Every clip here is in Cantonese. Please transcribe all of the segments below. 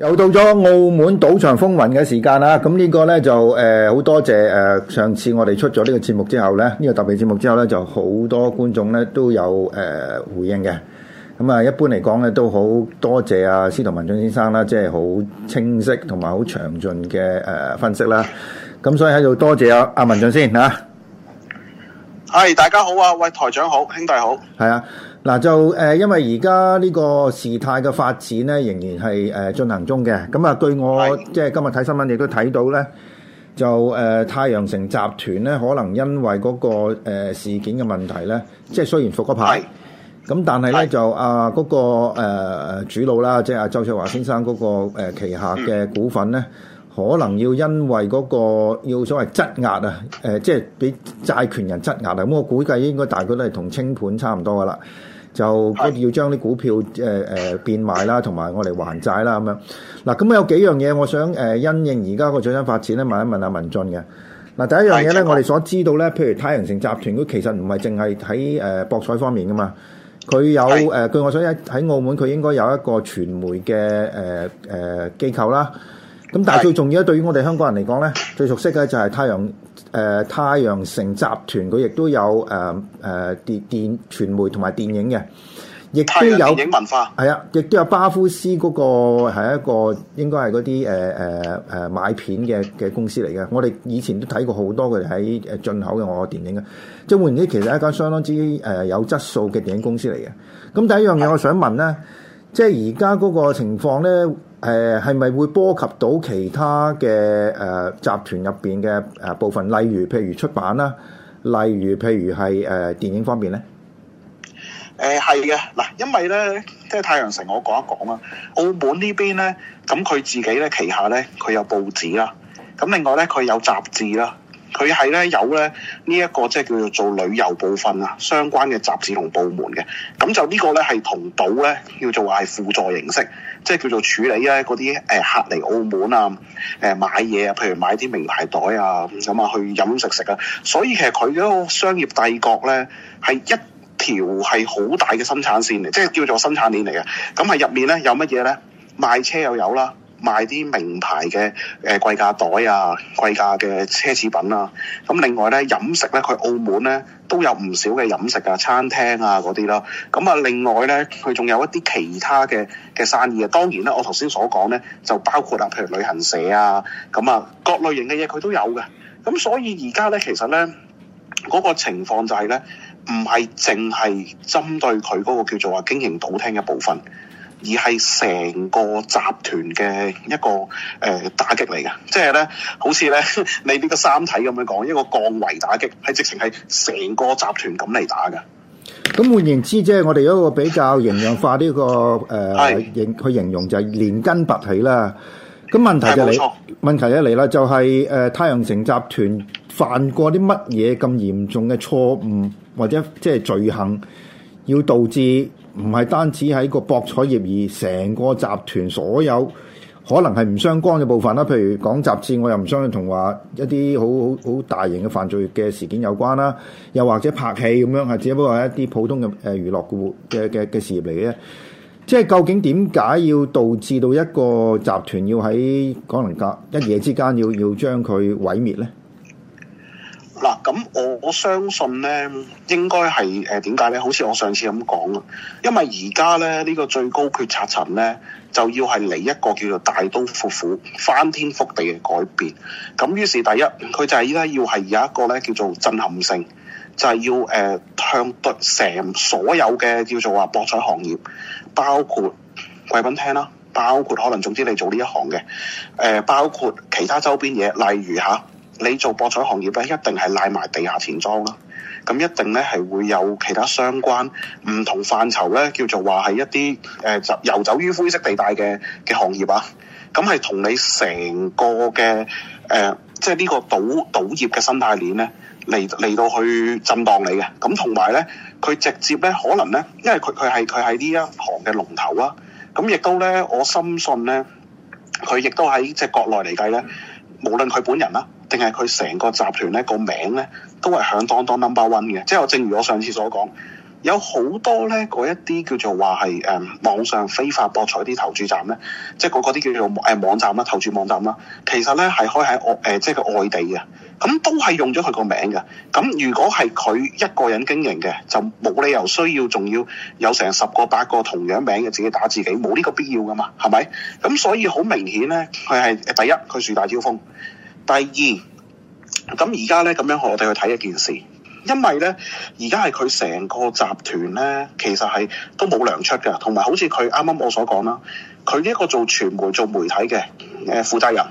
又到咗澳門賭場風雲嘅時間啦，咁呢個咧就誒好多謝誒，上次我哋出咗呢個節目之後咧，呢個特別節目之後咧，就好多觀眾咧都有誒回應嘅。咁啊，一般嚟講咧都好多謝阿司徒文進先生啦，即係好清晰同埋好詳盡嘅誒分析啦。咁所以喺度多謝阿阿文進先吓。係大家好啊，喂台長好，兄弟好，係啊。嗱、啊、就誒、呃，因為而家呢個事態嘅發展咧，仍然係誒、呃、進行中嘅。咁、呃、啊，據我即係今日睇新聞，亦都睇到咧，就誒、呃、太陽城集團咧，可能因為嗰、那個、呃、事件嘅問題咧，即係雖然復咗牌，咁但係咧、呃、就啊嗰、呃那個、呃、主腦啦，即係阿、啊、周焯華先生嗰、那個、呃、旗下嘅股份咧，可能要因為嗰、那個要所謂質押啊，誒、呃、即係俾債權人質押啊，咁、呃呃、我估計應該大概都係同清盤差唔多噶啦。就跟住要將啲股票誒誒、呃、變賣啦，同埋我哋還債啦咁樣。嗱，咁有幾樣嘢，我想誒、呃、因應而家個最新發展咧，問一問阿文進嘅。嗱，第一樣嘢咧，陽我哋所知道咧，譬如太陽城集團，佢其實唔係淨係喺誒博彩方面噶嘛，佢有誒是、呃、據我所知喺喺澳門，佢應該有一個傳媒嘅誒誒機構啦。咁但係最重要咧，對於我哋香港人嚟講咧，最熟悉嘅就係太陽誒、呃、太陽城集團，佢亦都有誒誒、呃、電電傳媒同埋電影嘅，亦都有電影文化，係啊，亦都有巴夫斯嗰、那個係一個應該係嗰啲誒誒誒買片嘅嘅公司嚟嘅。我哋以前都睇過好多佢哋喺誒進口嘅外國電影嘅，即係換言之，其實一間相當之誒有質素嘅電影公司嚟嘅。咁第一樣嘢，我想問咧，的即係而家嗰個情況咧。誒係咪會波及到其他嘅誒、呃、集團入邊嘅誒部分？例如譬如出版啦，例如譬如係誒電影方面咧？誒係嘅嗱，因為咧即係太陽城，我講一講啊。澳門呢邊咧，咁佢自己咧旗下咧，佢有報紙啦。咁另外咧，佢有雜誌啦。佢係咧有咧呢一個即係叫做做旅遊部分啊，相關嘅雜誌同部門嘅。咁就呢個咧係同島咧叫做係輔助形式。即係叫做處理啊，嗰啲誒客嚟澳門啊，誒買嘢啊，譬如買啲名牌袋啊咁啊，去飲食食啊，所以其實佢嗰個商業帝國咧係一條係好大嘅生產線嚟，即係叫做生產鏈嚟嘅。咁喺入面咧有乜嘢咧？賣車又有啦。賣啲名牌嘅誒貴價袋啊、貴價嘅奢侈品啊，咁、嗯、另外咧飲食咧，佢澳門咧都有唔少嘅飲食啊、餐廳啊嗰啲啦。咁啊、嗯，另外咧佢仲有一啲其他嘅嘅生意啊。當然咧，我頭先所講咧就包括啦，譬如旅行社啊，咁啊各類型嘅嘢佢都有嘅。咁、嗯、所以而家咧其實咧嗰、嗰個情況就係咧，唔係淨係針對佢嗰個叫做話經營賭廳嘅部分。而係成個集團嘅一個誒、呃、打擊嚟嘅，即係咧，好似咧 你呢個三體咁樣講，一個降維打擊，係直情係成個集團咁嚟打嘅。咁換言之，即係我哋一個比較營養化呢、這個誒，形、呃、是去形容就係連根拔起啦。咁問題就嚟，問題一嚟啦，就係誒太陽城集團犯過啲乜嘢咁嚴重嘅錯誤，或者即係罪行，要導致。唔係單止喺個博彩業而，成個集團所有可能係唔相關嘅部分啦。譬如講雜誌，我又唔相信同話一啲好好好大型嘅犯罪嘅事件有關啦。又或者拍戲咁樣，係只不過係一啲普通嘅誒、呃、娛樂嘅嘅嘅事業嚟嘅。即係究竟點解要導致到一個集團要喺可能隔一夜之間要要將佢毀滅咧？咁我相信咧，應該係誒點解咧？好似我上次咁講啊，因為而家咧呢、呢個最高決策層咧，就要係嚟一個叫做大刀闊斧、翻天覆地嘅改變。咁於是第一，佢就係咧要係有一個咧叫做震撼性，就係、是、要誒、呃、向對成所有嘅叫做話博彩行業，包括貴賓廳啦，包括可能總之你做呢一行嘅，誒、呃、包括其他周邊嘢，例如嚇。啊。你做博彩行業咧，一定係賴埋地下錢莊啦。咁一定咧，係會有其他相關唔同範疇咧，叫做話係一啲誒遊走於灰色地帶嘅嘅行業啊。咁係同你成個嘅誒，即係呢個賭賭業嘅生態鏈咧，嚟嚟到去震盪你嘅。咁同埋咧，佢直接咧，可能咧，因為佢佢係佢喺呢一行嘅龍頭啦。咁亦都咧，我深信咧，佢亦都喺即係國內嚟計咧，無論佢本人啦。定係佢成個集團咧個名咧，都係響當當 number one 嘅。即係我正如我上次所講，有好多咧嗰一啲叫做話係誒網上非法博彩啲投注站咧，即係嗰啲叫做誒網站啦、投注網站啦，其實咧係開喺外誒即係個外地嘅，咁都係用咗佢個名嘅。咁如果係佢一個人經營嘅，就冇理由需要仲要有成十個八個同樣名嘅自己打自己，冇呢個必要㗎嘛，係咪？咁所以好明顯咧，佢係第一，佢樹大招風。第二，咁而家咧咁樣我哋去睇一件事，因為咧而家係佢成個集團咧，其實係都冇糧出噶同埋好似佢啱啱我所講啦，佢呢一個做傳媒做媒體嘅誒負責人，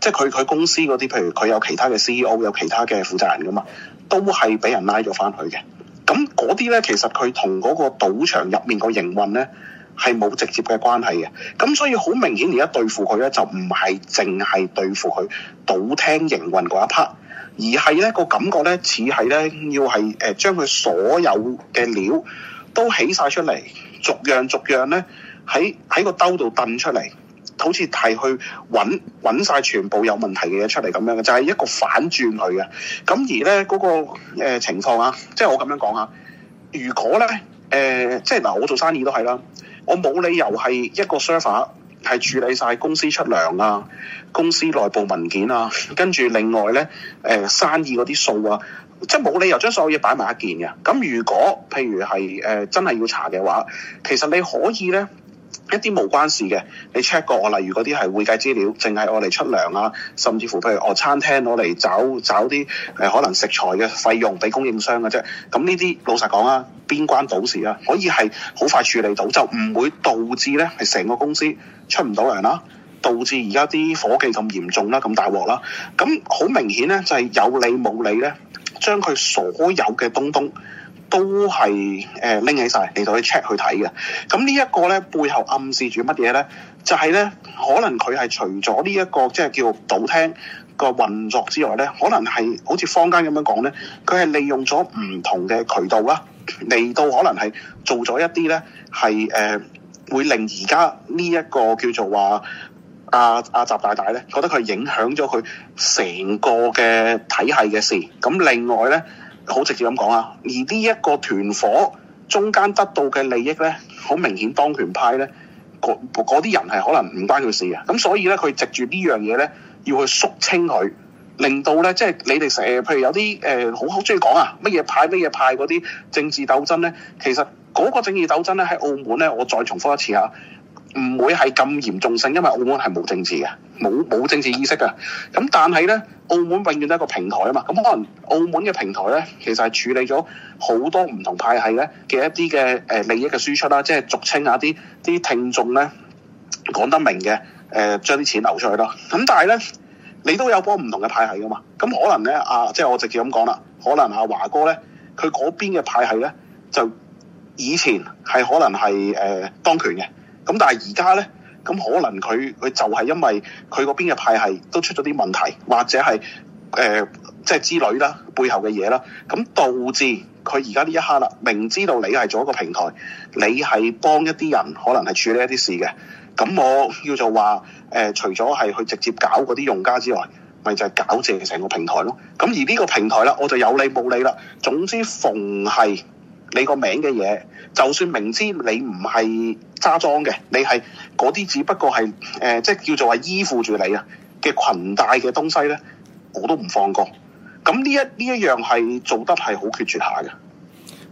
即係佢佢公司嗰啲，譬如佢有其他嘅 CEO，有其他嘅負責人噶嘛，都係俾人拉咗翻去嘅，咁嗰啲咧其實佢同嗰個賭場入面個營運咧係冇直接嘅關係嘅，咁所以好明顯而家對付佢咧，就唔係淨係對付佢賭廳營運嗰一 part，而係咧、嗰個感覺咧似係咧要係誒、呃、將佢所有嘅料都起晒出嚟，逐樣逐樣咧喺喺個兜度掟出嚟，好似係去揾揾晒全部有問題嘅嘢出嚟咁樣嘅，就係、是、一個反轉佢嘅。咁而咧嗰、那個、呃、情況啊，即係我咁樣講啊，如果咧誒、呃、即係嗱，我做生意都係啦。我冇理由係一個 server 係處理晒公司出糧啊、公司內部文件啊，跟住另外咧誒、呃、生意嗰啲數啊，即係冇理由將所有嘢擺埋一件嘅。咁如果譬如係誒、呃、真係要查嘅話，其實你可以咧。一啲冇關事嘅，你 check 過，我，例如嗰啲係會計資料，淨係我嚟出糧啊，甚至乎譬如我餐廳攞嚟找找啲誒、呃、可能食材嘅費用俾供應商嘅啫。咁呢啲老實講啊，邊關到事啊，可以係好快處理到，就唔會導致咧係成個公司出唔到糧啦，導致而家啲夥計咁嚴重啦、啊，咁大鑊啦。咁好明顯咧，就係、是、有理冇理咧，將佢所有嘅東東。都係誒拎起晒嚟到去 check 去睇嘅，咁、嗯這個、呢一個咧背後暗示住乜嘢咧？就係、是、咧，可能佢係除咗呢一個即係叫賭廳個運作之外咧，可能係好似坊間咁樣講咧，佢係利用咗唔同嘅渠道啦，嚟到可能係做咗一啲咧係誒會令而家呢一個叫做話阿阿習大大咧覺得佢影響咗佢成個嘅體系嘅事。咁、嗯、另外咧。好直接咁講啊！而呢一個團伙中間得到嘅利益咧，好明顯當權派咧，嗰啲人係可能唔關佢事啊！咁所以咧，佢藉住呢樣嘢咧，要去肅清佢，令到咧即係你哋成日譬如有啲誒好好中意講啊乜嘢派乜嘢派嗰啲政治鬥爭咧，其實嗰個政治鬥爭咧喺澳門咧，我再重複一次嚇。唔會係咁嚴重性，因為澳門係冇政治嘅，冇冇政治意識嘅。咁但係咧，澳門永遠都係一個平台啊嘛。咁可能澳門嘅平台咧，其實係處理咗好多唔同派系咧嘅一啲嘅誒利益嘅輸出啦，即係俗稱啊啲啲聽眾咧講得明嘅，誒、呃、將啲錢流出去咯。咁但係咧，你都有幫唔同嘅派系噶嘛？咁可能咧啊，即係我直接咁講啦，可能阿、啊、華哥咧，佢嗰邊嘅派系咧，就以前係可能係誒、呃、當權嘅。咁但係而家咧，咁可能佢佢就係因為佢嗰邊嘅派系都出咗啲問題，或者係誒即係之類啦、背後嘅嘢啦，咁、嗯、導致佢而家呢一刻啦，明知道你係做一個平台，你係幫一啲人，可能係處理一啲事嘅。咁、嗯、我叫做話誒、呃，除咗係去直接搞嗰啲用家之外，咪就係、是、搞藉成個平台咯。咁、嗯、而呢個平台啦，我就有理冇理啦。總之，逢係，你個名嘅嘢，就算明知你唔係揸莊嘅，你係嗰啲，只不過係誒、呃，即係叫做係依附住你啊嘅裙帶嘅東西咧，我都唔放過。咁呢一呢一樣係做得係好決絕下嘅。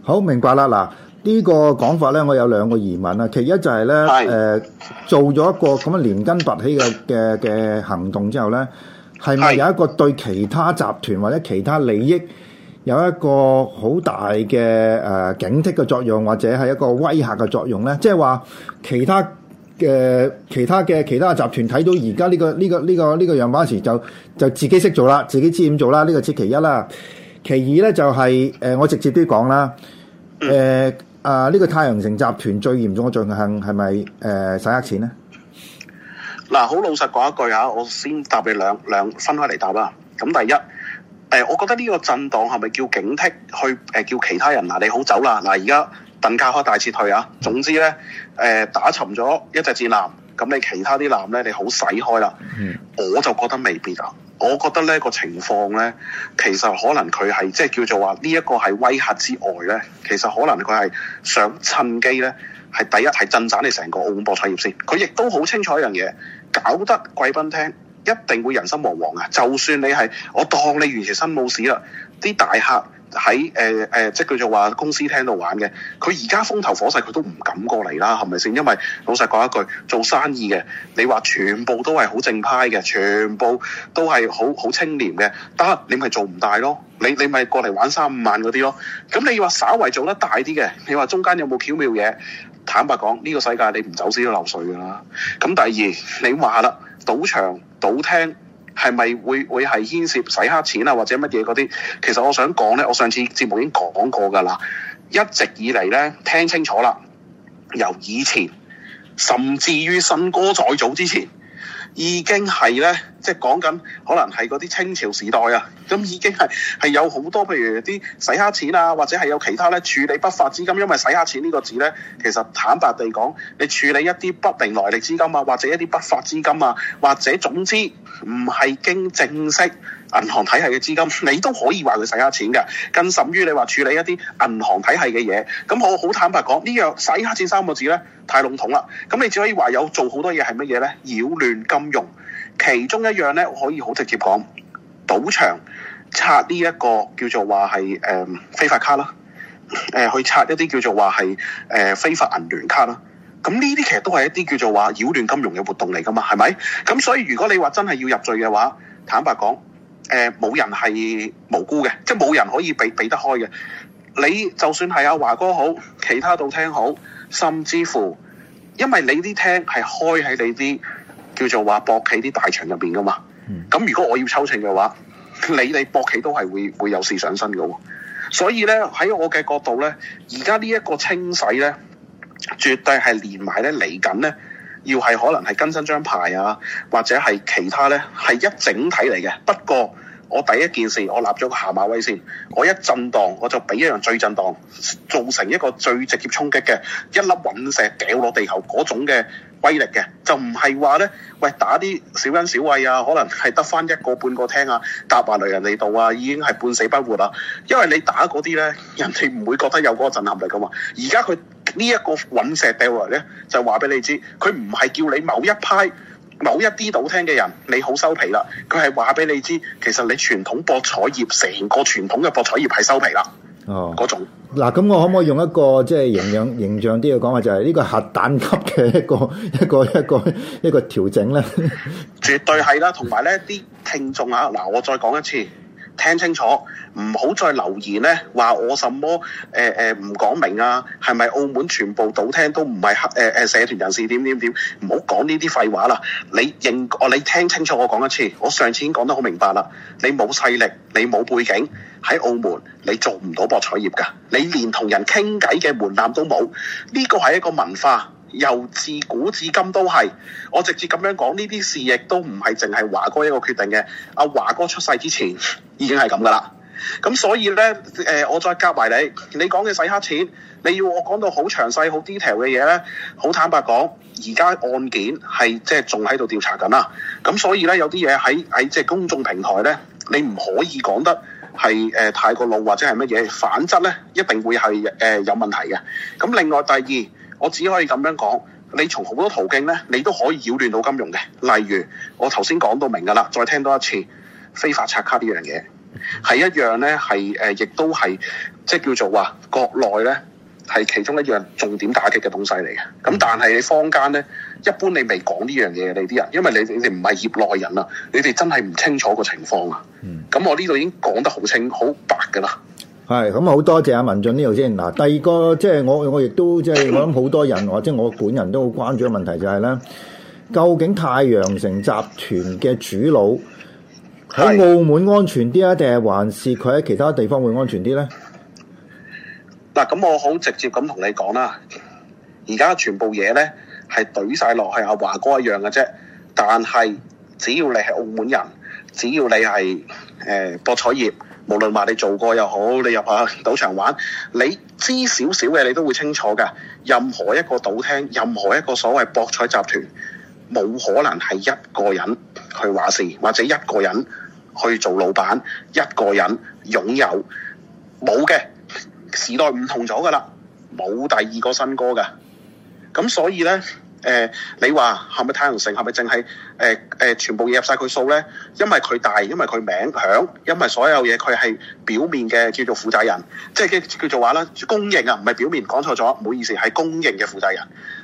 好明白啦，嗱、呢個、呢個講法咧，我有兩個疑問啊。其一就係咧，誒是、呃、做咗一個咁樣連根拔起嘅嘅嘅行動之後咧，係咪有一個對其他集團或者其他利益？有一個好大嘅誒、呃、警惕嘅作用，或者係一個威嚇嘅作用咧，即係話其他嘅其他嘅其他，其他集團睇到而家呢個呢、這個呢、這個呢、這個樣板時，就就自己識做啦，自己知點做啦，呢、這個係其一啦。其二咧就係、是、誒、呃，我直接啲講啦，誒啊呢個太陽城集團最嚴重嘅罪行係咪誒洗黑錢咧？嗱、嗯，好老實講一句嚇，我先答你兩兩分開嚟答啦。咁第一。誒、呃，我覺得呢個震盪係咪叫警惕去誒、呃、叫其他人嗱、啊，你好走啦嗱，而、啊、家鄧家開大撤退啊！總之咧，誒、呃、打沉咗一隻戰艦，咁你其他啲艦咧，你好使開啦。Mm hmm. 我就覺得未必啊，我覺得呢個情況咧，其實可能佢係即係叫做話呢一個係威嚇之外咧，其實可能佢係想趁機咧，係第一係震散你成個澳門博彩業先。佢亦都好清楚一樣嘢，搞得貴賓廳。一定會人心惶惶啊！就算你係我當你完全身冇事啦，啲大客喺誒誒，即係佢就話公司廳度玩嘅，佢而家風頭火勢，佢都唔敢過嚟啦，係咪先？因為老實講一句，做生意嘅你話全部都係好正派嘅，全部都係好好清廉嘅，得你咪做唔大咯。你你咪過嚟玩三五萬嗰啲咯。咁你話稍為做得大啲嘅，你話中間有冇巧妙嘢？坦白講，呢個世界你唔走私都漏稅㗎啦。咁第二，你話啦，賭場。賭廳係咪會會係牽涉洗黑錢啊，或者乜嘢嗰啲？其實我想講呢，我上次節目已經講過㗎啦。一直以嚟呢，聽清楚啦，由以前，甚至於信哥再早之前。已經係咧，即係講緊，可能係嗰啲清朝時代啊，咁已經係係有好多，譬如啲洗黑錢啊，或者係有其他咧處理不法資金，因為洗黑錢呢個字咧，其實坦白地講，你處理一啲不明來歷資金啊，或者一啲不法資金啊，或者總之唔係經正式銀行體系嘅資金，你都可以話佢使黑錢嘅，更甚於你話處理一啲銀行體系嘅嘢。咁我好坦白講，呢樣使黑錢三個字咧，太籠統啦。咁你只可以話有做好多嘢係乜嘢咧？擾亂金融，其中一樣咧我可以好直接講，賭場拆呢一個叫做話係誒非法卡啦，誒、呃、去拆一啲叫做話係誒非法銀聯卡啦。咁呢啲其實都係一啲叫做話擾亂金融嘅活動嚟噶嘛，係咪？咁所以如果你話真係要入罪嘅話，坦白講。誒，冇、呃、人係無辜嘅，即係冇人可以避避得開嘅。你就算係阿華哥好，其他賭廳好，甚至乎，因為你啲廳係開喺你啲叫做話博企啲大場入邊噶嘛。咁、嗯、如果我要抽成嘅話，你你博企都係會會有事上身嘅、哦。所以咧喺我嘅角度咧，而家呢一個清洗咧，絕對係連埋咧嚟緊咧。要係可能係更新張牌啊，或者係其他咧，係一整體嚟嘅。不過。我第一件事，我立咗個下馬威先。我一震盪，我就俾一樣最震盪，造成一個最直接衝擊嘅一粒隕石掉落地球嗰種嘅威力嘅，就唔係話呢，喂，打啲小恩小惠啊，可能係得翻一個半個廳啊，搭埋嚟人嚟到啊，已經係半死不活啦。因為你打嗰啲呢，人哋唔會覺得有嗰個震撼力噶嘛。而家佢呢一個隕石掉落嚟呢，就話俾你知，佢唔係叫你某一派，某一啲賭廳嘅人，你好收皮啦！佢係話俾你知，其實你傳統博彩業成個傳統嘅博彩業係收皮啦。哦，嗰種。嗱，咁、啊、我可唔可以用一個即係、就是、形象 形象啲嘅講法，就係、是、呢個核彈級嘅一個一個一個一個，一個調整咧？ 絕對係啦，同埋咧啲聽眾啊，嗱、啊，我再講一次。聽清楚，唔好再留言呢。話我什麼誒誒唔講明啊？係咪澳門全部賭廳都唔係黑誒誒、呃、社團人士點點點？唔好講呢啲廢話啦！你認、哦、你聽清楚我講一次，我上次已經講得好明白啦。你冇勢力，你冇背景，喺澳門你做唔到博彩業㗎。你連同人傾偈嘅門檻都冇，呢、呢個係一個文化。由自古至今都係，我直接咁樣講呢啲事，亦都唔係淨係華哥一個決定嘅。阿、啊、華哥出世之前已經係咁噶啦，咁所以咧誒、呃、我再夾埋你，你講嘅洗黑錢，你要我講到好詳細好 detail 嘅嘢咧，好坦白講，而家案件係即係仲喺度調查緊啦。咁所以咧，有啲嘢喺喺即係公眾平台咧，你唔可以講得係誒、呃、太過露或者係乜嘢反則咧，一定會係誒、呃、有問題嘅。咁另外第二。我只可以咁樣講，你從好多途徑咧，你都可以擾亂到金融嘅。例如我頭先講到明㗎啦，再聽多一次非法刷卡呢樣嘢，係一樣咧，係誒，亦、呃、都係即係叫做話國內咧係其中一樣重點打擊嘅東西嚟嘅。咁但係你坊間咧，一般你未講呢樣嘢你啲人，因為你你哋唔係業內人啊，你哋真係唔清楚個情況啊。咁我呢度已經講得好清好白㗎啦。係咁啊，好、嗯、多謝阿文進呢度先。嗱，第二個即係我我亦都即係我諗好多人，或者 我本人都好關注嘅問題就係、是、咧，究竟太陽城集團嘅主腦喺澳門安全啲啊，定係還是佢喺其他地方會安全啲咧？嗱，咁我好直接咁同你講啦，而家全部嘢咧係懟晒落去阿華哥一樣嘅啫。但係只要你係澳門人，只要你係誒、呃、博彩業。無論話你做過又好，你入下賭場玩，你知少少嘅你都會清楚㗎。任何一個賭廳，任何一個所謂博彩集團，冇可能係一個人去話事，或者一個人去做老闆，一個人擁有冇嘅時代唔同咗㗎喇，冇第二個燊哥㗎。咁所以呢。誒、呃，你話係咪太陽城？係咪淨係誒誒，全部嘢入曬佢數咧？因為佢大，因為佢名響，因為所有嘢佢係表面嘅叫做負責人，即係嘅叫做話啦，公認啊，唔係表面講錯咗，唔好意思，係公認嘅負責人。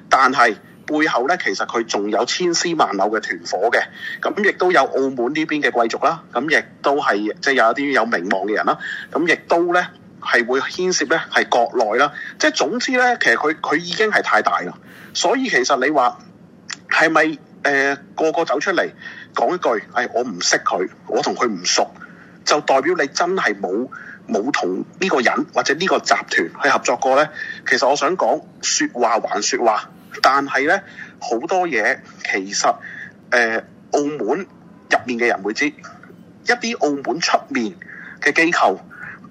但係背後咧，其實佢仲有千絲萬縷嘅團伙嘅，咁亦都有澳門呢邊嘅貴族啦，咁亦都係即係有一啲有名望嘅人啦，咁亦都咧。係會牽涉咧，係國內啦，即係總之咧，其實佢佢已經係太大啦，所以其實你話係咪誒個個走出嚟講一句，誒，我唔識佢，我同佢唔熟，就代表你真係冇冇同呢個人或者呢個集團去合作過呢？其實我想講說話還說話，但係呢好多嘢其實誒、呃、澳門入面嘅人會知，一啲澳門出面嘅機構。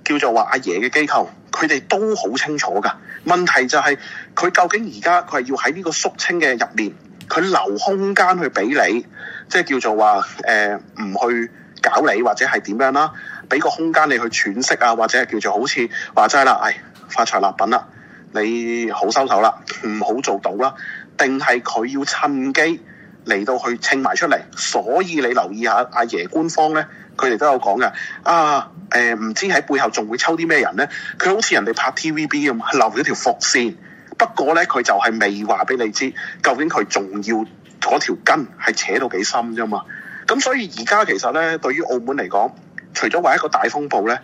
叫做話阿爺嘅機構，佢哋都好清楚噶。問題就係、是、佢究竟而家佢係要喺呢個肅清嘅入面，佢留空間去俾你，即係叫做話誒唔去搞你或者係點樣啦，俾個空間你去喘息啊，或者係叫做好似話齋啦，誒、哎、發財立品啦，你好收手啦，唔好做到啦，定係佢要趁機，嚟到去清埋出嚟，所以你留意下阿爺官方咧，佢哋都有講嘅。啊，誒、呃、唔知喺背後仲會抽啲咩人咧？佢好似人哋拍 TVB 咁，留咗條伏線。不過咧，佢就係未話俾你知，究竟佢仲要嗰條根係扯到幾深啫嘛。咁所以而家其實咧，對於澳門嚟講，除咗話一個大風暴咧，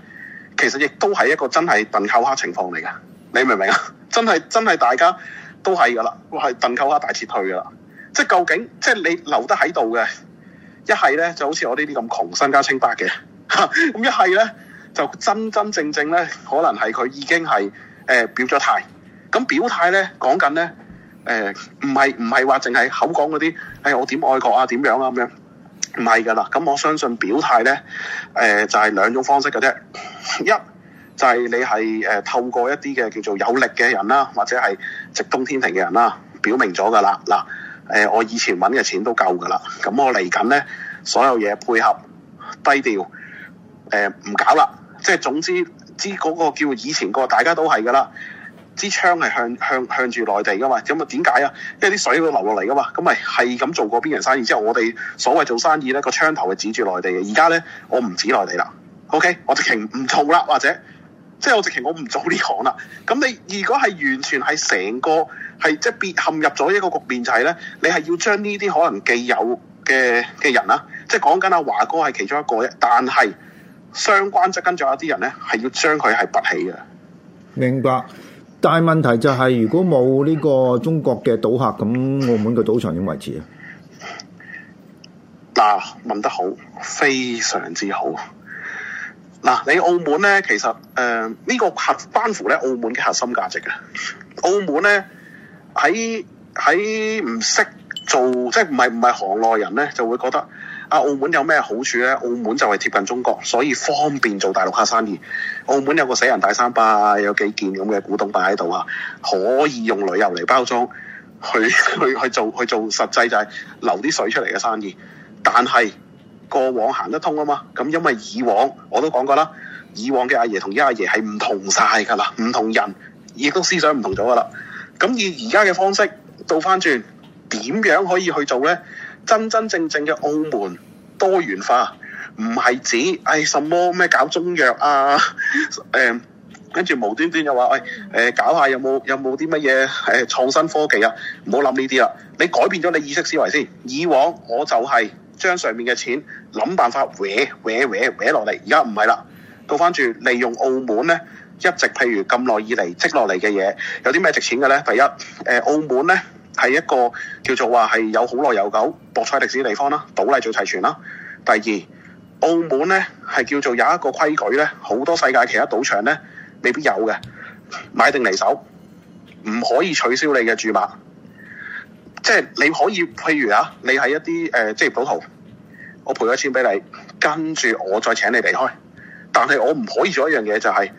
其實亦都係一個真係鄧扣克情況嚟噶。你明唔明啊？ 真係真係大家都係噶啦，係鄧扣克大撤退噶啦。即係究竟，即係你留得喺度嘅一係咧，就好似我呢啲咁窮，身家清白嘅，咁一係咧就真真正正咧，可能係佢已經係誒、呃、表咗態。咁表態咧，講緊咧誒，唔係唔係話淨係口講嗰啲，誒、哎、我點愛國啊，點樣啊咁樣，唔係噶啦。咁我相信表態咧，誒、呃、就係、是、兩種方式嘅啫。一就係、是、你係誒透過一啲嘅叫做有力嘅人啦，或者係直通天庭嘅人啦，表明咗噶啦嗱。誒、呃，我以前揾嘅錢都夠噶啦，咁我嚟緊呢，所有嘢配合低調，呃、唔搞啦，即係總之，之嗰個叫以前、個大家都係噶啦，支槍係向向向住內地噶嘛，咁啊點解啊？因為啲水會流落嚟噶嘛，咁咪係咁做過邊樣生意之後，我哋所謂做生意呢，個槍頭係指住內地嘅，而家呢，我唔指內地啦。OK，我就停唔做啦，或者。即係我直情我唔做呢行啦。咁你如果係完全係成個係即係別陷入咗一個局面，就係咧，你係要將呢啲可能既有嘅嘅人啦，即係講緊阿華哥係其中一個嘅，但係相關則跟住有啲人咧係要將佢係拔起嘅。明白。但係問題就係，如果冇呢個中國嘅賭客，咁澳門嘅賭場點維持啊？嗱，問得好，非常之好。嗱、啊，你澳門咧，其實誒呢、呃這個關乎咧澳門嘅核心價值嘅。澳門咧喺喺唔識做，即係唔係唔係行內人咧就會覺得啊，澳門有咩好處咧？澳門就係貼近中國，所以方便做大陸客生意。澳門有個死人大三巴，有幾件咁嘅古董擺喺度啊，可以用旅遊嚟包裝，去去去做去做，去做實際就係流啲水出嚟嘅生意，但係。過往行得通啊嘛，咁因為以往我都講過啦，以往嘅阿爺同呢阿爺係唔同晒㗎啦，唔同人，亦都思想唔同咗㗎啦。咁以而家嘅方式倒翻轉，點樣可以去做呢？真真正正嘅澳門多元化，唔係指唉、哎，什麼咩搞中藥啊，誒跟住無端端又話喂誒搞下有冇有冇啲乜嘢誒創新科技啊？唔好諗呢啲啦，你改變咗你意識思維先。以往我就係將上面嘅錢。諗辦法搲搲搲搲落嚟。而家唔係啦，倒翻住利用澳門咧，一直譬如咁耐以嚟積落嚟嘅嘢，有啲咩值錢嘅咧？第一，誒，澳門咧係一個叫做話係有好耐悠久博彩歷史嘅地方啦，賭例最齊全啦。第二，澳門咧係叫做有一個規矩咧，好多世界其他賭場咧未必有嘅，買定離手，唔可以取消你嘅注碼，即係你可以譬如啊，你係一啲誒職業賭徒。我賠咗錢俾你，跟住我再請你離開。但係我唔可以做一樣嘢，就是，就係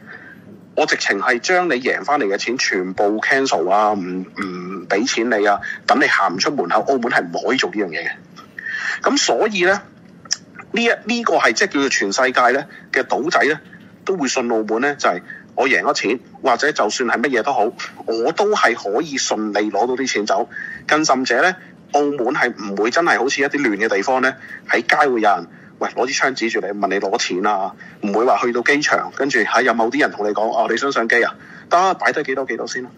我直情係將你贏翻嚟嘅錢全部 cancel 啊！唔唔俾錢你啊！等你行唔出門口，澳門係唔可以做呢樣嘢嘅。咁所以呢，呢一呢個係即係叫做全世界呢嘅賭仔呢，都會信澳門呢，就係、是、我贏咗錢，或者就算係乜嘢都好，我都係可以順利攞到啲錢走。更甚者呢。澳門係唔會真係好似一啲亂嘅地方呢，喺街會有人喂，攞支槍指住你，問你攞錢啊！唔會話去到機場，跟住喺有某啲人同你講哦，你想上機啊？得擺低幾多幾多先咯，啊，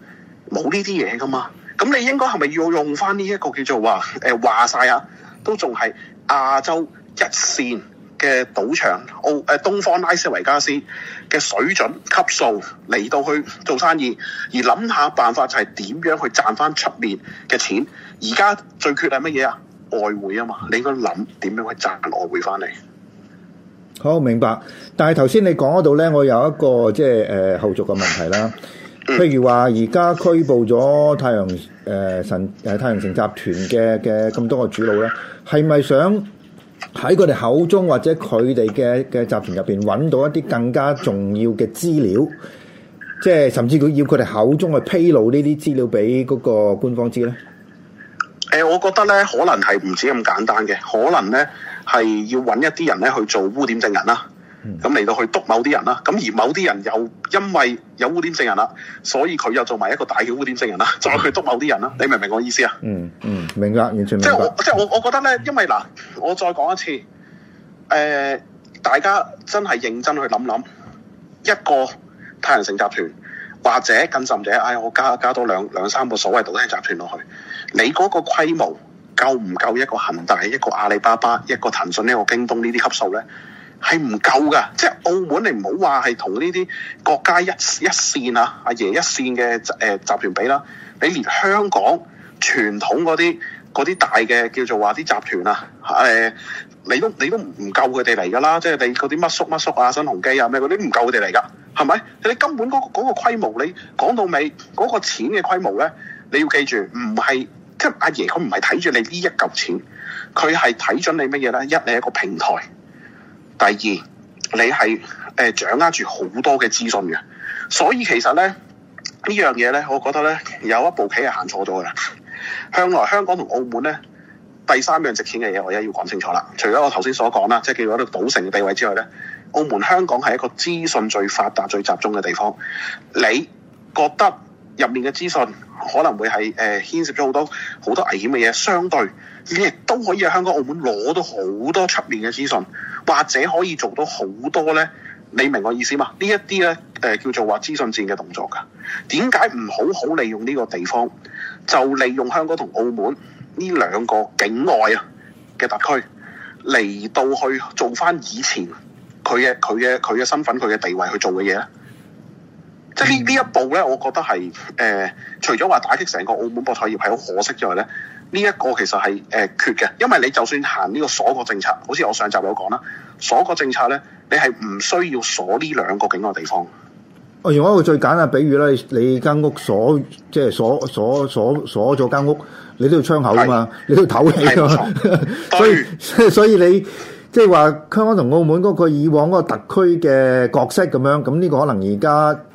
冇呢啲嘢噶嘛。咁你應該係咪要用翻呢一個叫做、呃、話誒話晒啊？都仲係亞洲一線嘅賭場澳、誒、哦、東方拉斯維加斯嘅水準級數嚟，到去做生意，而諗下辦法就係點樣去賺翻出面嘅錢。而家最缺係乜嘢啊？外匯啊嘛，你應該諗點樣去賺外匯翻嚟。好明白，但係頭先你講嗰度咧，我有一個即係誒後續嘅問題啦。譬如話而家拘捕咗太陽誒、呃、神誒、呃、太陽城集團嘅嘅咁多個主腦咧，係咪想？喺佢哋口中或者佢哋嘅嘅集團入邊揾到一啲更加重要嘅資料，即係甚至佢要佢哋口中去披露呢啲資料俾嗰個官方知咧。誒、呃，我覺得咧可能係唔止咁簡單嘅，可能咧係要揾一啲人咧去做污點證人啦。咁嚟、嗯、到去督某啲人啦，咁而某啲人又因為有污點證人啦，所以佢又做埋一個大嘅污點證人啦，再去督某啲人啦，你明唔明我意思啊？嗯嗯，明噶，完全明。即係我即係我，我覺得呢，因為嗱，我再講一次，誒、呃，大家真係認真去諗諗，一個太陽城集團或者更甚者，哎，我加加多兩兩三個所謂賭廳集團落去，你嗰個規模夠唔夠一個恒大、一個阿里巴巴、一個騰訊、一個京東呢啲級數呢？係唔夠㗎，即係澳門你唔好話係同呢啲國家一一線啊，阿爺一線嘅誒、呃、集團比啦，你連香港傳統嗰啲嗰啲大嘅叫做話、啊、啲集團啊，誒、呃、你都你都唔夠佢哋嚟㗎啦，即係你嗰啲乜叔乜叔啊、新鴻基啊咩嗰啲唔夠佢哋嚟㗎，係咪？你根本嗰、那、嗰、個那個規模，你講到尾嗰、那個錢嘅規模咧，你要記住，唔係即係阿爺佢唔係睇住你呢一嚿錢，佢係睇準你乜嘢咧？一你係一個平台。第二，你係誒掌握住好多嘅資訊嘅，所以其實咧呢樣嘢咧，我覺得咧有一步棋係行錯咗噶啦。向來香港同澳門咧，第三樣值錢嘅嘢，我而家要講清楚啦。除咗我頭先所講啦，即係叫做一個賭城嘅地位之外咧，澳門香港係一個資訊最發達、最集中嘅地方。你覺得？入面嘅資訊可能會係誒、呃、牽涉咗好多好多危險嘅嘢，相對你亦都可以喺香港、澳門攞到好多出面嘅資訊，或者可以做到好多咧。你明我意思嘛？呢一啲咧誒叫做話資訊戰嘅動作㗎。點解唔好好利用呢個地方，就利用香港同澳門呢兩個境外啊嘅特區嚟到去做返以前佢嘅佢嘅佢嘅身份佢嘅地位去做嘅嘢咧？即係呢呢一步咧，我覺得係誒、呃，除咗話打擊成個澳門博彩業係好可惜之外咧，呢、這、一個其實係誒、呃、缺嘅，因為你就算行呢個鎖國政策，好似我上集有講啦，鎖國政策咧，你係唔需要鎖呢兩個境外地方。我用一個最簡單比喻咧，你你間屋鎖即係鎖鎖鎖鎖咗間屋，你都要窗口啊嘛，是你都要唞氣 所以，對 所以，所以你即係話香港同澳門嗰個以往嗰個特區嘅角色咁樣，咁呢個可能而家。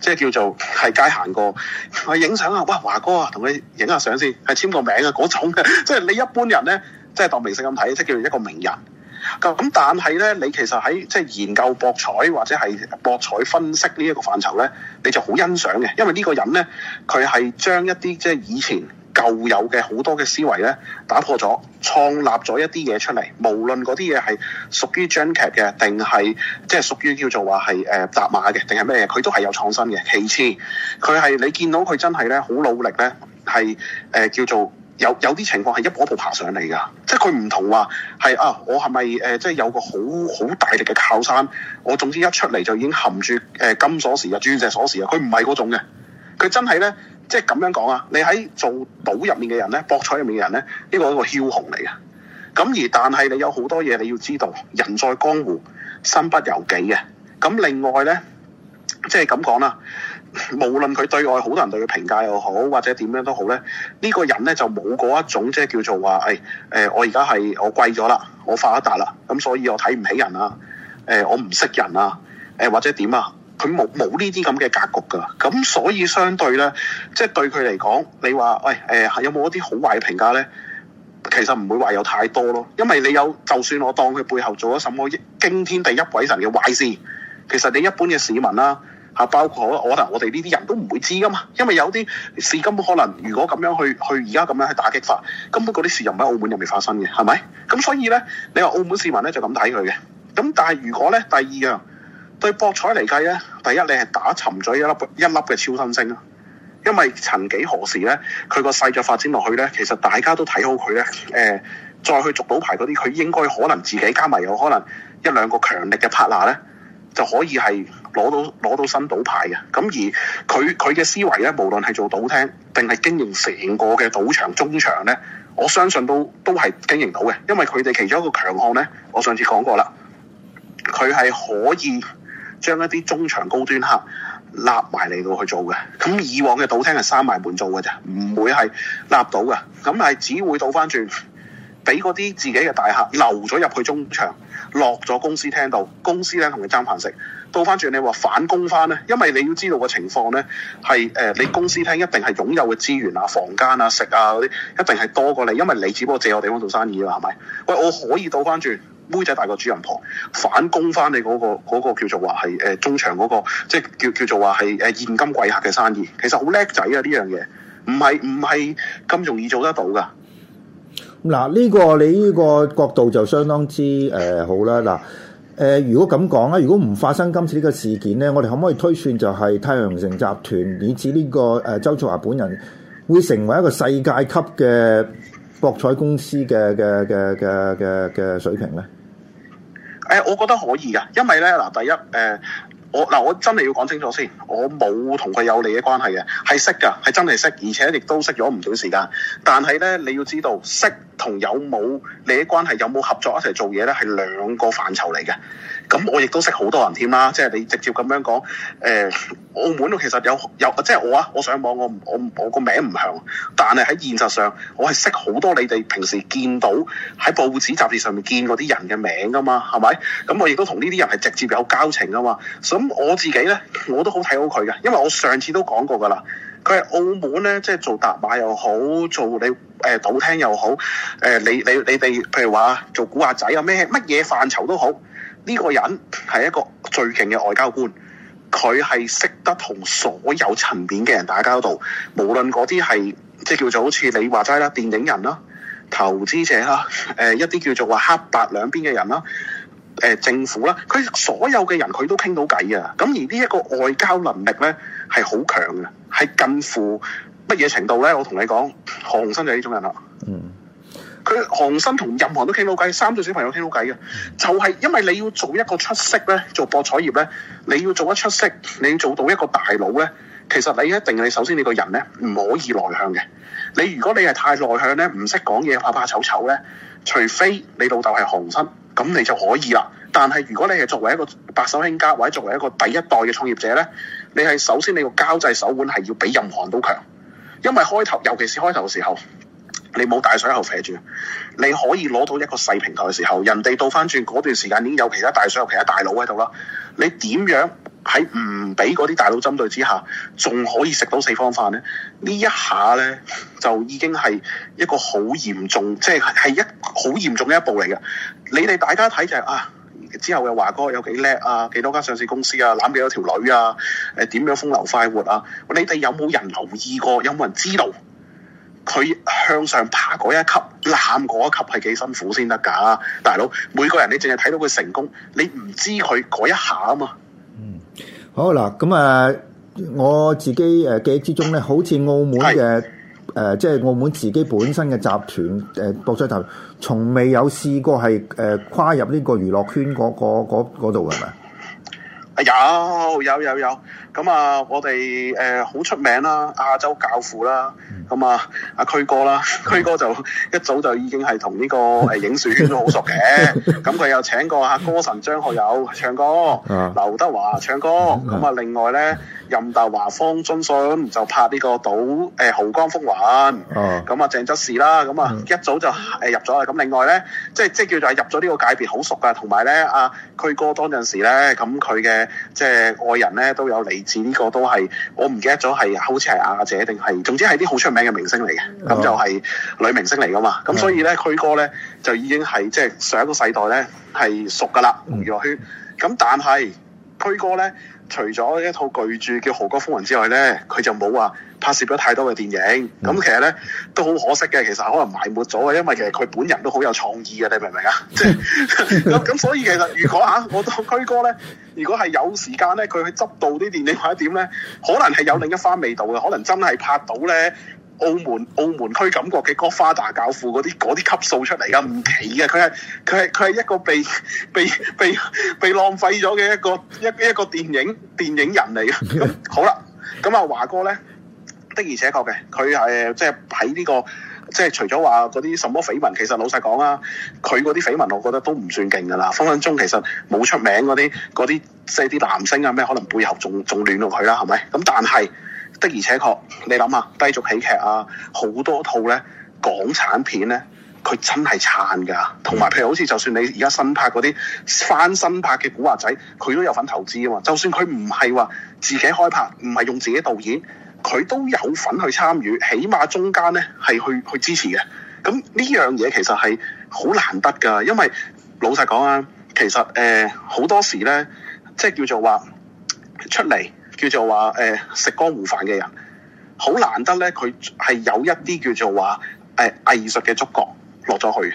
即係叫做喺街行過，我影相啊！喂，華哥啊，同你影下相先，係簽個名啊嗰種。即係你一般人咧，即係當明星咁睇，即係叫做一個名人。咁但係咧，你其實喺即係研究博彩或者係博彩分析呢一個範疇咧，你就好欣賞嘅，因為呢個人咧，佢係將一啲即係以前。舊有嘅好多嘅思維咧，打破咗，創立咗一啲嘢出嚟。無論嗰啲嘢係屬於張劇嘅，定係即係屬於叫做話係誒雜馬嘅，定係咩嘢，佢都係有創新嘅。其次，佢係你見到佢真係咧好努力咧，係誒、呃、叫做有有啲情況係一步一步爬上嚟㗎。即係佢唔同話係啊，我係咪誒即係有個好好大力嘅靠山，我總之一出嚟就已經含住誒、呃、金鎖匙啊，鑽石鎖匙啊，佢唔係嗰種嘅。佢真係咧，即係咁樣講啊！你喺做賭入面嘅人咧，博彩入面嘅人咧，呢、這個一個梟雄嚟嘅。咁而但係你有好多嘢你要知道，人在江湖身不由己嘅。咁另外咧，即係咁講啦，無論佢對外好多人對佢評價又好，或者點樣都好咧，呢、這個人咧就冇嗰一種即係叫做話，誒、哎、誒，我而家係我貴咗啦，我發咗達啦，咁所以我睇唔起人啊，誒、哎，我唔識人啊，誒、哎、或者點啊？佢冇冇呢啲咁嘅格局㗎，咁所以相對咧，即係對佢嚟講，你話喂誒、呃，有冇一啲好壞評價咧？其實唔會話有太多咯，因為你有就算我當佢背後做咗什麼驚天地一鬼神嘅壞事，其實你一般嘅市民啦、啊，嚇包括我可能我哋呢啲人都唔會知㗎嘛，因為有啲事根本可能如果咁樣去去而家咁樣去打擊法，根本嗰啲事又唔喺澳門入面發生嘅，係咪？咁所以咧，你話澳門市民咧就咁睇佢嘅，咁但係如果咧第二樣對博彩嚟計咧。第一，你係打沉咗一粒一粒嘅超新星咯，因為曾幾何時咧，佢個細腳發展落去咧，其實大家都睇好佢咧。誒、呃，再去續賭牌嗰啲，佢應該可能自己加埋有可能一兩個強力嘅 partner 咧，就可以係攞到攞到新賭牌嘅。咁而佢佢嘅思維咧，無論係做賭廳定係經營成個嘅賭場中場咧，我相信都都係經營到嘅，因為佢哋其中一個強項咧，我上次講過啦，佢係可以。將一啲中場高端客納埋嚟到去做嘅，咁以往嘅賭廳係閂埋門做嘅啫，唔會係納到嘅，咁係只會倒翻轉，俾嗰啲自己嘅大客留咗入去中場，落咗公司廳度，公司咧同佢爭飯食，倒翻轉你話反攻翻咧，因為你要知道個情況咧，係誒、呃、你公司廳一定係擁有嘅資源啊、房間啊、食啊嗰啲，一定係多過你，因為你只不過借我地方做生意啦，係咪？喂，我可以倒翻轉，轉。妹仔大過主人婆，反攻翻你嗰、嗰個、嗰個叫做話係誒中場嗰、嗰個，即係叫叫做話係誒現金貴客嘅生意，其實好叻仔啊！呢樣嘢唔係唔係咁容易做得到噶。嗱，呢、呢個你呢個角度就相當之誒、呃、好啦。嗱，誒如果咁講啊，如果唔發生今次呢個事件咧，我哋可唔可以推算就係太陽城集團以至呢、呢個誒、呃、周焯華本人會成為一個世界級嘅博彩公司嘅嘅嘅嘅嘅嘅水平咧？誒、哎，我覺得可以噶，因為咧嗱，第一誒、呃，我嗱我真係要講清楚先，我冇同佢有利益關係嘅，係識噶，係真係識，而且亦都識咗唔短時間。但係咧，你要知道，識同有冇利益關係，有冇合作一齊做嘢咧，係兩個範疇嚟嘅。咁我亦都識好多人添啦，即係你直接咁樣講，誒，澳門其實有有即係我啊，我上網我我我個名唔響，但係喺現實上，我係識好多你哋平時見到喺報紙雜誌上面見過啲人嘅名噶嘛，係咪？咁我亦都同呢啲人係直接有交情噶嘛。咁我自己咧，我都好睇好佢嘅，因為我上次都講過噶啦，佢係澳門咧，即係做疊碼又好，做你誒賭廳又好，誒你你你哋譬如話做古惑仔啊咩乜嘢範疇都好。呢個人係一個最勁嘅外交官，佢係識得同所有層面嘅人打交道，無論嗰啲係即係叫做好似你話齋啦，電影人啦、投資者啦、誒、呃、一啲叫做話黑白兩邊嘅人啦、誒、呃、政府啦，佢所有嘅人佢都傾到偈啊！咁而呢一個外交能力咧係好強嘅，係近乎乜嘢程度咧？我同你講，何鴻燊就係呢種人啦。嗯。佢鴻燊同任何人都傾到偈，三歲小朋友傾到偈嘅，就係、是、因為你要做一個出色咧，做博彩業咧，你要做得出色，你要做到一個大佬咧，其實你一定你首先你個人咧唔可以內向嘅，你如果你係太內向咧，唔識講嘢，怕怕醜醜咧，除非你老豆係鴻燊咁你就可以啦。但係如果你係作為一個白手興家，或者作為一個第一代嘅創業者咧，你係首先你個交際手腕係要比任何人都強，因為開頭尤其是開頭嘅時候。你冇大水喉肥住，你可以攞到一個細平台嘅時候，人哋倒翻轉嗰段時間已經有其他大水喉、其他大佬喺度啦。你點樣喺唔俾嗰啲大佬針對之下，仲可以食到四方飯呢？呢一下呢，就已經係一個好嚴重，即係係一好嚴重嘅一步嚟嘅。你哋大家睇就係、是、啊，之後嘅華哥有幾叻啊，幾多間上市公司啊，攬幾多條女啊，誒點樣風流快活啊？你哋有冇人留意過？有冇人知道？佢向上爬嗰一級，攬嗰一級係幾辛苦先得㗎，大佬。每個人你淨係睇到佢成功，你唔知佢嗰一下啊嘛。嗯，好嗱，咁啊、呃，我自己誒、呃、記憶之中咧，好似澳門嘅誒是、呃，即係澳門自己本身嘅集團誒，博彩集團，從未有試過係誒、呃、跨入呢個娛樂圈嗰度係咪？有有有有。有有有。咁啊，我哋誒好出名啦，亞洲教父啦，咁啊，阿駒哥啦，駒哥就一早就已經係同呢個誒影視圈都好熟嘅，咁佢又請過阿歌神張學友唱歌，啊，劉德華唱歌，咁啊，另外咧、啊，任達華方中信就拍呢個賭誒濠江風雲，咁啊鄭則仕啦，咁啊、嗯嗯、一早就誒入咗啊，咁另外咧，即係即係叫做入咗呢個界別好熟噶，同埋咧阿駒哥當陣時咧，咁佢嘅即係愛人咧都有嚟。呢個都係，我唔記得咗係好似係阿姐定係，總之係啲好出名嘅明星嚟嘅，咁、oh. 就係女明星嚟噶嘛，咁、oh. 所以咧，區哥咧就已經係即係上一個世代咧係熟噶啦娛樂圈，咁但係區哥咧除咗一套巨著叫《豪哥風雲》之外咧，佢就冇話。拍攝咗太多嘅電影，咁其實咧都好可惜嘅。其實可能埋沒咗啊，因為其實佢本人都好有創意嘅，你明唔明啊？咁 咁 所以其實如果吓我都區哥咧，如果係有時間咧，佢去執導啲電影或者點咧，可能係有另一番味道嘅。可能真係拍到咧澳門澳門區感覺嘅《哥花大教父》嗰啲嗰啲級數出嚟噶，唔奇嘅。佢係佢係佢係一個被被被被浪費咗嘅一個一一個電影電影人嚟嘅。咁 好啦，咁啊華哥咧。的而且確嘅，佢係即係喺呢個即係除咗話嗰啲什麼緋聞，其實老實講啊，佢嗰啲緋聞我覺得都唔算勁噶啦。分分鐘其實冇出名嗰啲嗰啲即係啲男星啊咩，可能背後仲仲亂落佢啦，係咪？咁但係的而且確，你諗下低俗喜劇啊，好多套咧港產片咧，佢真係撐㗎。同埋譬如好似就算你而家新拍嗰啲翻新拍嘅古惑仔，佢都有份投資啊嘛。就算佢唔係話自己開拍，唔係用自己導演。佢都有份去參與，起碼中間呢係去去支持嘅。咁呢樣嘢其實係好難得㗎，因為老實講啊，其實誒好、呃、多時呢，即係叫做話出嚟，叫做話誒、呃、食江湖飯嘅人，好難得呢，佢係有一啲叫做話誒、呃、藝術嘅觸覺落咗去。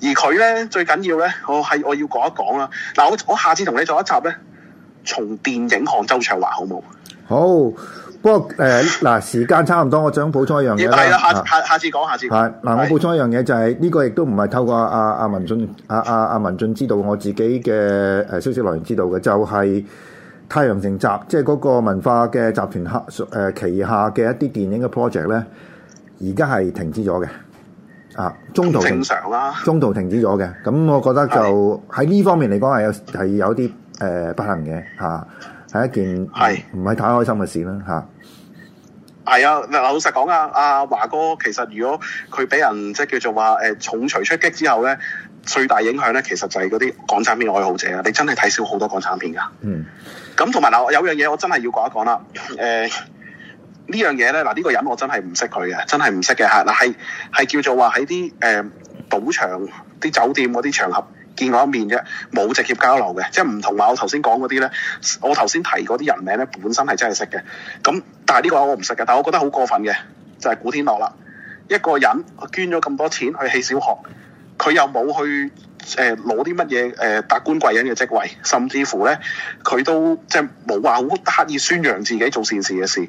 而佢呢，最緊要呢，我係我要講一講啦。嗱，我我下次同你做一集呢，從電影看周卓華，好冇？好。Oh. 不過誒，嗱、呃，時間差唔多，我想補充一樣嘢啦。係啦，下下次講，下次講。係嗱、啊，我補充一樣嘢就係、是、呢個亦都唔係透過阿、啊、阿、啊、文進阿阿阿文進知道，我自己嘅誒消息來源知道嘅，就係、是、太陽城集即係嗰個文化嘅集團下誒旗下嘅一啲電影嘅 project 咧，而家係停止咗嘅。啊，中途正常啦。中途停止咗嘅，咁我覺得就喺呢方面嚟講係有係有啲誒、呃、不幸嘅吓。啊係一件係唔係太開心嘅事啦，吓係啊嗱，老實講啊，阿華哥其實如果佢俾人即係叫做話誒、呃、重錘出擊之後咧，最大影響咧，其實就係嗰啲港產片愛好者啊，你真係睇少好多港產片噶。嗯，咁同埋嗱，有樣嘢，我真係要講一講啦，誒、呃、呢樣嘢咧嗱，呢個人我真係唔識佢嘅，真係唔識嘅吓嗱，係係叫做話喺啲誒賭場、啲酒店嗰啲場合。見我一面啫，冇直接交流嘅，即係唔同話我頭先講嗰啲咧。我頭先提嗰啲人名咧，本身係真係識嘅。咁，但係呢個我唔識嘅。但我覺得好過分嘅就係古天樂啦，一個人捐咗咁多錢去起小學，佢又冇去誒攞啲乜嘢誒達官貴人嘅職位，甚至乎咧佢都即係冇話好刻意宣揚自己做善事嘅事。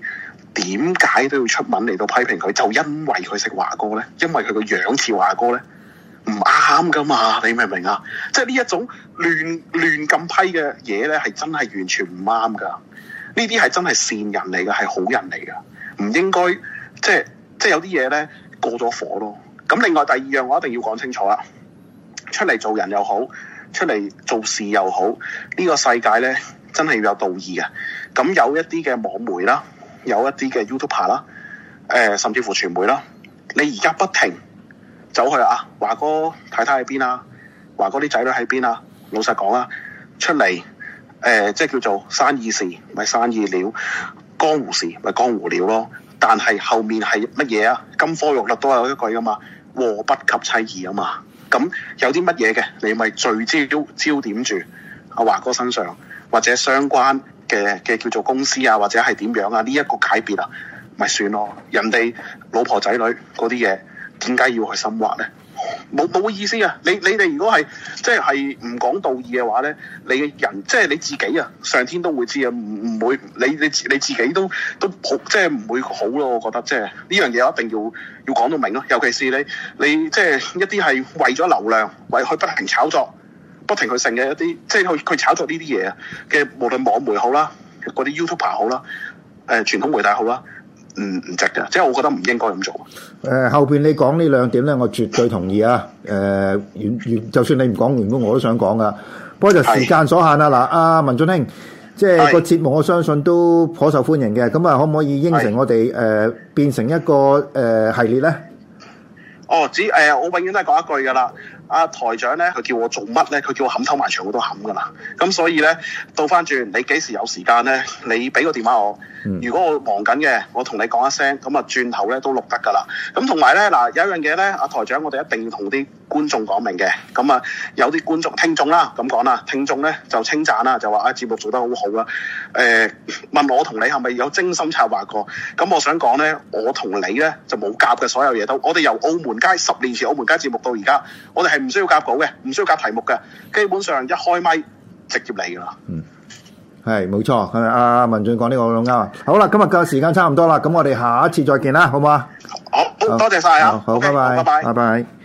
點解都要出文嚟到批評佢？就因為佢識華哥咧，因為佢個樣似華哥咧。唔啱噶嘛？你明唔明啊？即係呢一種亂亂咁批嘅嘢咧，係真係完全唔啱噶。呢啲係真係善人嚟噶，係好人嚟噶，唔應該即係即係有啲嘢咧過咗火咯。咁另外第二樣我一定要講清楚啦，出嚟做人又好，出嚟做事又好，呢個世界咧真係要有道義嘅。咁有一啲嘅網媒啦，有一啲嘅 YouTuber 啦，誒、呃、甚至乎傳媒啦，你而家不停。走去太太啊！華哥太太喺邊啊？華哥啲仔女喺邊啊？老實講啦，出嚟誒、呃，即係叫做生意事，咪、就是、生意料；江湖事，咪、就是、江湖料咯。但係後面係乜嘢啊？金科玉律都有一句啊嘛，禍不及妻兒啊嘛。咁有啲乜嘢嘅，你咪聚焦焦點住阿華哥身上，或者相關嘅嘅叫做公司啊，或者係點樣啊？呢、這、一個界別啊，咪算咯。人哋老婆仔女嗰啲嘢。點解要去深挖咧？冇冇意思啊！你你哋如果係即係唔講道義嘅話咧，你嘅人即係你自己啊，上天都會知啊，唔唔會你你自你自己都都好即係唔會好咯。我覺得即係呢樣嘢我一定要要講到明咯。尤其是你你即係一啲係為咗流量，為去不停炒作，不停去成嘅一啲，即係去去炒作呢啲嘢啊。嘅，無論網媒好啦，嗰啲 YouTuber 好啦，誒、呃、傳統媒體好啦。唔唔值㗎，即係我覺得唔應該咁做。誒、呃、後邊你講呢兩點咧，我絕對同意啊！誒員員，就算你唔講員工，我都想講噶。不過就時間所限啊，嗱是，阿、呃、文進兄，即係個節目，我相信都頗受歡迎嘅。咁啊，可唔可以應承我哋誒是、呃、變成一個誒、呃、系列咧？哦，只誒、呃、我永遠都係講一句噶啦。啊台長咧，佢叫我做乜咧？佢叫我冚偷埋全部都冚噶啦。咁、嗯、所以咧，倒翻轉你幾時有時間咧？你俾個電話我。如果我忙緊嘅，我同你講一聲。咁、嗯、啊，轉頭咧都錄得噶啦。咁同埋咧，嗱有，有一樣嘢咧，阿、啊、台長，我哋一定要同啲觀眾講明嘅。咁、嗯、啊，有啲觀眾聽眾啦，咁講啦，聽眾咧就稱讚啦，就話啊節目做得好好啊。誒、呃、問我同你係咪有精心策劃過？咁、嗯嗯、我想講咧，我同你咧就冇夾嘅所有嘢都，我哋由澳門街年十年前澳門街節目到而家，我哋係。唔需要夾稿嘅，唔需要夾題目嘅，基本上一開麥直接嚟噶啦。嗯，係冇錯，係阿、啊、文進講呢個啱啊。好啦，今日嘅時間差唔多啦，咁我哋下一次再見啦，好唔好啊？好，好多謝晒！啊！好，拜拜 okay,、okay，拜拜，拜拜。